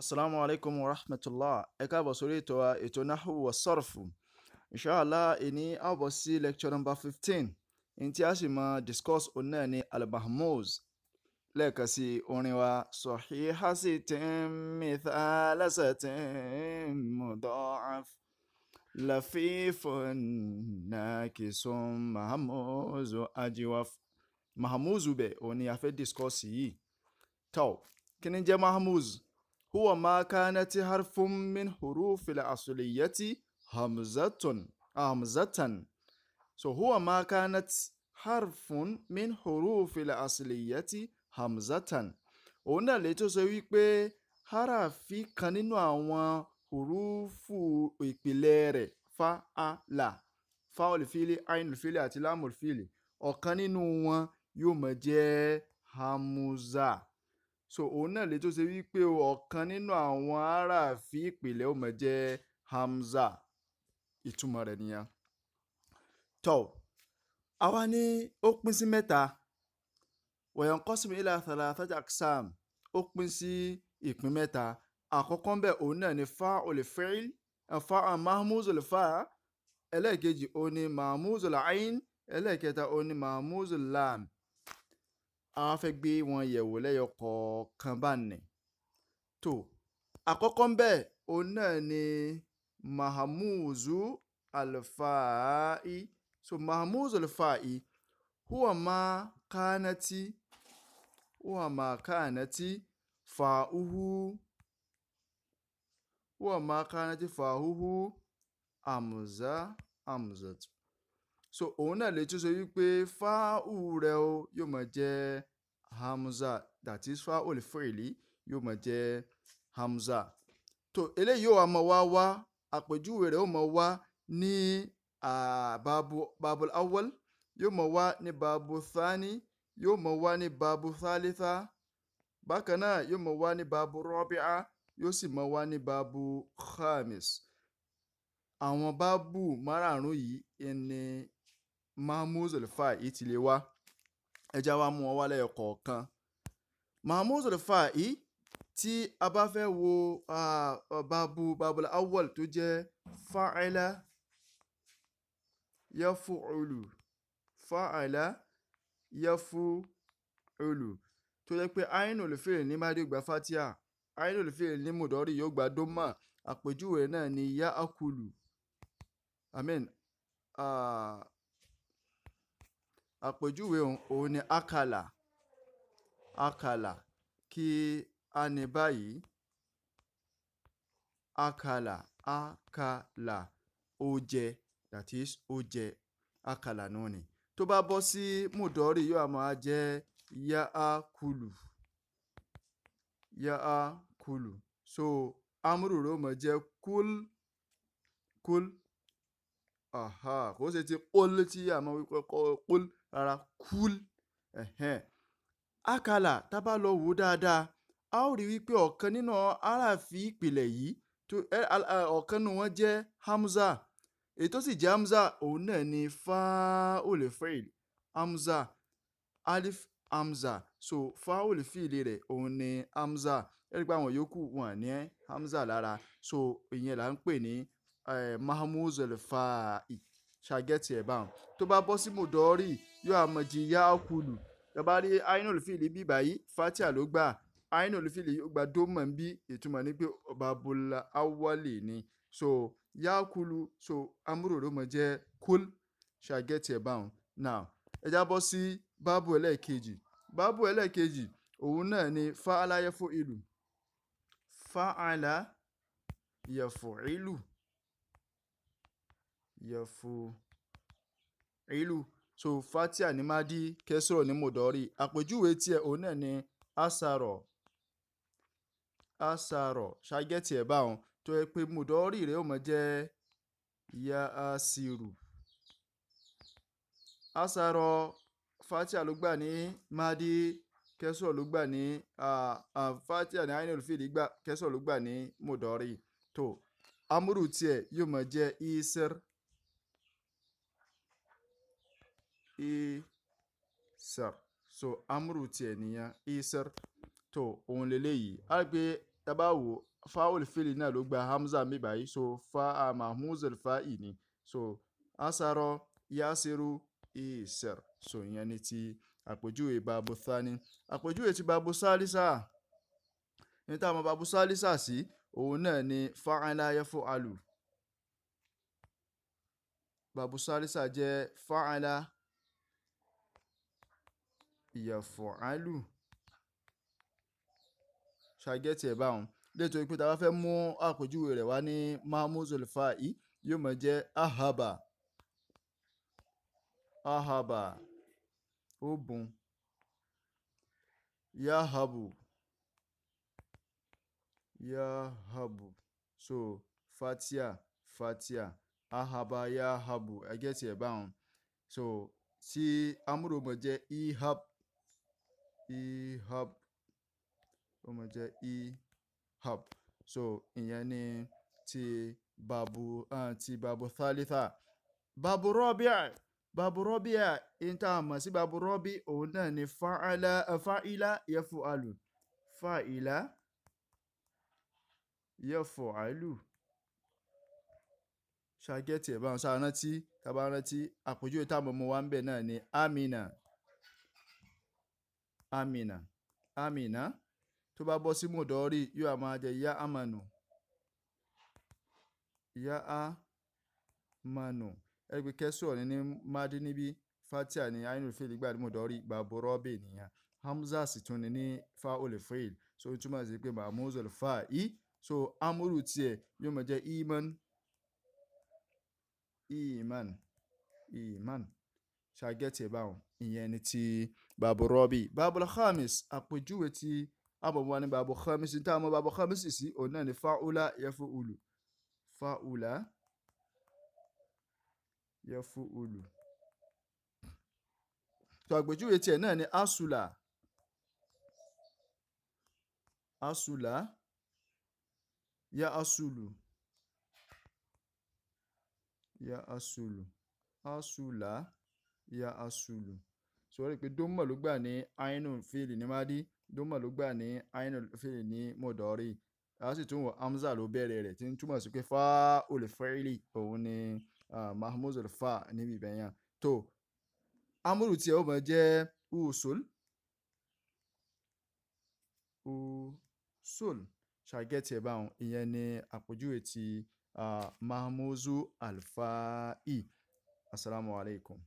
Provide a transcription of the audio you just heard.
asalaamu alaykum wa rahmatulah ẹ káàbọ̀ sórí ètò wa ètò nahu wa sọ́rọ̀fù inshallah ìní àbọ̀ sí lecture number fifteen ní tí a sì máa discuss òun náà ní al-mahmuz lẹ́ẹ̀kan sí orin wa sọ̀híhásí tí ń mìtálẹ́sẹ̀ tí ń mudọ́af lafífún nàkìsùn mahamuzu ajiwaf mahamuzu bẹ̀ òun ni a fẹ́ discuss yìí tó kí ni jẹ́ mahamuzu. هو ما كانت حرف من حروف الأصلية همزة همزة so هو ما كانت حرف من حروف الأصلية همزة òun náà lè tó sọ wípé harafi kan nínú àwọn hurufu ìpìlẹ̀ rẹ̀ fa a la fa olùfíìlì ayin olùfíìlì àti láàmù olùfíìlì ọ̀kan nínú wọn yóò máa jẹ́ hamuza so òun náà lè tó ṣe wípé ọ̀kan nínú àwọn aráàfin ìpìlẹ̀ ó jẹ́ hamza ìtumọ̀ rẹ̀ nìyẹn. tó àwa ní ó pín sí mẹ́ta wọ̀nyàn kọ́sìmù ilà thalathati aksam ó pín sí ìpín mẹ́ta àkọ́kọ́ bẹ́ẹ̀ òun náà ni fa fi'l fa'ul mahmuzul fa' ẹlẹ́ẹ̀kejì òun ni mahmuzul ayn ẹlẹ́ẹ̀kẹta òun ni mahmuzul lam àwọn fẹ́ gbé wọn yẹ̀wò lẹ́yọ kọ̀ọ̀kan bá nì. tó àkọ́kọ́ ń bẹ̀ òun náà ni mahamuzu alfa'i so mahamuzu alfa'i huwa ma kanati huwa ma kanati fa'uhu huwa ma kanati fa'uhu amza amzatu so òun náà lè tún sọ wípé fáwù rẹ o yóò máa jẹ́ hamza that is fáwù lè fún èlì yóò máa jẹ́ hamza tó eléyìí yóò wá máa wá wá àpèjúwe rẹ̀ ó máa wá ní babu babul awwal yóò máa wá ní babu thani yóò máa wá ní babu thalitha bákan náà yóò máa wá ní babu rabi'a yóò sì máa wá ní babu khamis àwọn báàbù márààrún yìí ẹni mahmoud zulfayi ti lè wá ẹja wa mú wọn wá lẹ́yọ kọ̀ọ̀kan mahmoud zulfayi tí a bá fẹ́ wo babu babul awwal tó jẹ́ fa'ala yafu'ulu fa'ala yafu'ulu tó jẹ́ pé ainu olùfèrè ní mádìí gba fatia ainu olùfèrè ní mudori yóò gba doma àpèjúwe náà ni ya akulu amen. Uh, àpèjúwe òun ni akala akàlà kí a ní báyìí akala akàlà ó that is oje akala akàlà náà ni tó bá bọ́ sí mùdọ́rì yóò máa jẹ́ yaakulu yaakulu so amúrúurú mọ̀ jẹ́ kúl kúl kò ṣe ti kúl tí a máa wípé kúl rárá kúl akala tá a bá lọ wò dáadáa a ó rí wípé ọ̀kan nínú aráàfin ìpìlẹ̀ yìí ọ̀kan nínú wọn jẹ́ hamza èyí tó sì jẹ́ hamza òun náà ni fáolè hamza alif hamza so fáolè fìlì rẹ̀ òun ni hamza ẹ̀rí pé àwọn yòókù wọn ní hamza lára so ìyẹn là ń pè ní Eh, mahmoud elfaai ṣàgẹ́tì ẹ̀ báwọn tó bá bọ́ sí mọ̀dọ́rì yóò àmọ̀jì yá ọkùlù yọba rí ainul fìlì bí báyìí fatia ló gbà ainul fìlì ó gba dómọ̀ ń bí ìtumọ̀ ní pé ọba bọ́lá awọ́lì ni so yá ọkùlù so amúròró mọ̀ jẹ́ kúl ṣàgẹ́tì ẹ̀ báwọn now ẹ já bọ́ sí báàbù ẹlẹ́ẹ̀kejì báàbù ẹlẹ́ẹ̀kejì òun náà ni fa'ala yẹfọ ìlú fa'ala yẹfọ ìlú yẹfu'ilu so fatia ní madi kẹsìrò ní mọ̀dọ́rì àpèjúwe tiẹ̀ òun náà ni asarọ̀ asarọ̀ ṣàgẹ́tì ẹ̀ báwọn tó yẹ pé mọ̀dọ́rì rẹ̀ ó mọ̀ jẹ́ ya asiru asarọ̀ fatia ló gbà ní madi kẹsìrò ló gbà ní fatia ní ainul fili kẹsìrò ló gbà ní mọ̀dọ́rì tó amúrù tiẹ̀ yóò mọ̀ jẹ́ isir. E isar so amúrù tiẹ̀ e nìyẹn isar tó òun lélẹ́yìí á rí pé tábà wò fáwọlì fèlè náà ló gba hamza mi báyìí so fa mahmuzul fa ìní so asarọ yasiru isar so ìyẹn ni ti àpèjúwe babu thani àpèjúwe ti babu salisa ní táwọn babu salisa sí òun náà ni fa'ala yafu'alu babu salisa jẹ́ fa'ala yẹ̀fọ̀álù ṣàgẹ́tì ẹ̀ báwọn nítorí pé tá a bá fẹ́ mú àpèjúwe rẹ̀ wá ní mahmuzul fa'i yóò máa jẹ́ ahaba ahaba ó bùn yahabu yahabu so fatia fatia ahaba yahabu ẹgẹ́ tiẹ̀ báwọn so tí si, amúròmọ̀ jẹ́ ihab ehub ó máa jẹ́ ehub so ìyẹn ni ti babu uh, ti babu thalitha babu rọ́bíà babu rọ́bíà ń tà mọ̀ sí babu rọ́bí òun náà ni fa'ala fa'ila yafu'alu fa'ila yafu'alu ṣàgẹ́tì ẹ̀ báwọn ṣáà rántí tàbá rántí àpèjúwe táwọn ọmọ wa ń bẹ̀ náà ni amina amina amina tó bá bọ́ sí mọ̀dọ́rì yóò máa jẹ ya amanu ya amanu ẹni pé kẹ́sọ̀ ní ní mádí níbí fatia ní ainul fèlè gbà ní mọ̀dọ́rì bàbá rọ́bì nìyẹn hamza sì tún ní ní fa olè fèlè so túmọ̀ sí pé mahmuzul fa i so amúrù tiẹ̀ yóò máa jẹ iman iman iman ṣàgẹ́tì báwọn ìyẹn ni ti babu rọ́bì babu khamis àpèjúwe ti abọ̀bọ̀ ni babu khamis ní táwọn babu khamis sí òun náà ni fáúlà yẹfu ulu fáúlà yẹfu ulu tó àpèjúwe tiẹ̀ náà ni asula asula ya asulu ya asulu asula. asula ya asulu so rí i pé dómọ̀ ló gbà ní ainul fíìlì ní mádì dómọ̀ ló gbà ní ainul fíìlì ní mọ̀dọ́rì a sì tún wọ hamza ló bẹ̀rẹ̀ rẹ̀ tí ń túmọ̀ sí pé fa olùfẹ́rìlì òun ni mahmoud fa níbi ibẹ̀ yẹn tó amúrù tí ó mọ̀ jẹ́ usul usul ṣàgẹ́tì ẹ̀ báwọn ìyẹn ni àpèjúwe ti mahmoud alfa'i asalaamualeykum.